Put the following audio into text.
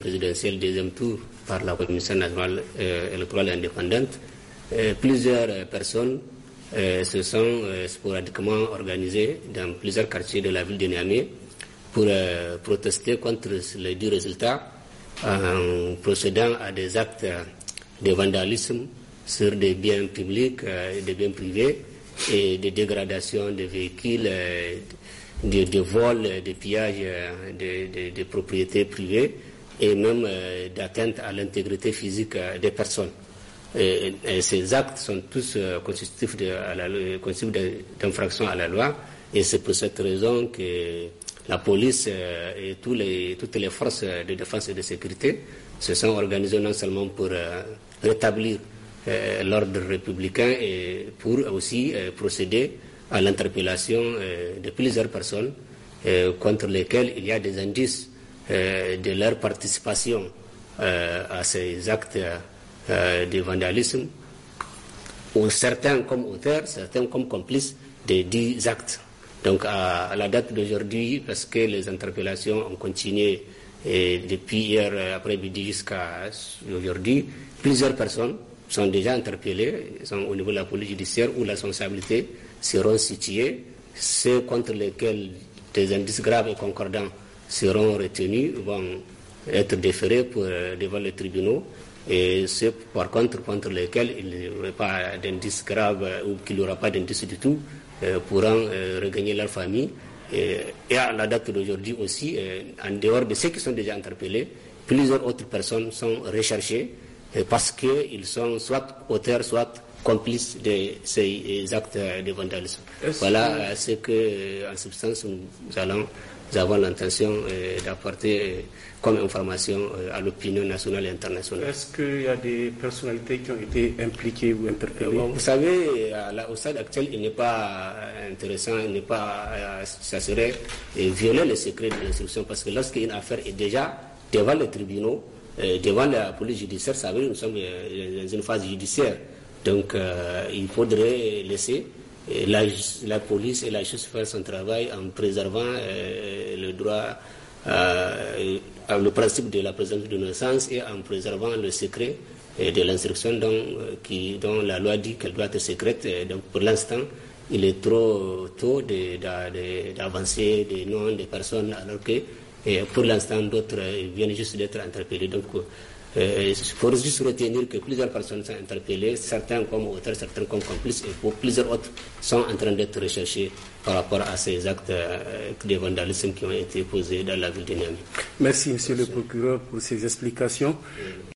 présidentielle deuxième tour par la Commission nationale euh, électorale indépendante, euh, plusieurs personnes euh, se sont sporadiquement organisées dans plusieurs quartiers de la ville de Niamey pour protester contre les deux résultats en procédant à des actes de vandalisme sur des biens publics et des biens privés et de dégradation de véhicules, de, vols, de pillages des de propriétés privées et même euh, d'atteinte à l'intégrité physique euh, des personnes. Et, ces actes sont tous euh, constitutifs d'infraction à, à la loi et c'est pour cette raison que la police et tous les, toutes les forces de défense et de sécurité se sont organisées non seulement pour rétablir l'ordre républicain et pour aussi procéder à l'interpellation de plusieurs personnes contre lesquelles il y a des indices eh, de leur participation eh, à ces actes eh, de vandalisme, ou certains comme auteurs, certains comme complices des dix actes. Donc à, la date d'aujourd'hui, parce que les interpellations ont continué depuis hier après-midi jusqu'à aujourd'hui, plusieurs personnes sont déjà interpellées, sont au niveau de la police judiciaire où la sensibilité seront situées, ceux contre lesquels des indices graves et concordants seront retenus, vont être déférés euh, devant les tribunaux. Et ceux, par contre, contre lesquels il n'y aura pas d'indice grave euh, ou qu'il n'y aura pas d'indice du tout, euh, pourront regagner leur famille. Et, à la date d'aujourd'hui aussi, en dehors de ceux qui sont déjà interpellés, plusieurs autres personnes sont recherchées parce qu'ils sont soit auteurs, soit complices de ces actes de vandalisme. Voilà euh, ce que, en substance, nous allons nous avons l'intention euh, d'apporter euh, comme information à l'opinion nationale et internationale. Est-ce qu'il y a des personnalités qui ont été impliquées ou interpellées Vous savez, au stade actuel, il n'est pas intéressant, il n'est pas, ça serait violer le secret de l'instruction parce que lorsqu'une affaire est déjà devant les tribunaux, devant la police judiciaire, ça veut nous sommes dans une phase judiciaire. Donc euh, il faudrait laisser euh, la, police et la justice faire son travail en préservant euh, le droit, le principe de la présomption d'innocence et en préservant le secret de l'instruction dont, la loi dit qu'elle doit être secrète. donc pour l'instant, il est trop tôt d'avancer de, des noms des personnes alors que et pour l'instant, d'autres viennent juste d'être interpellés. Donc, euh, il faut juste retenir que plusieurs personnes sont interpellées, certains comme auteurs, certains comme complices, et pour plusieurs autres sont en train d'être recherchés par rapport à ces actes euh, de vandalisme qui ont été posés dans la ville de Niamey. Merci, Monsieur le procureur, pour ces explications.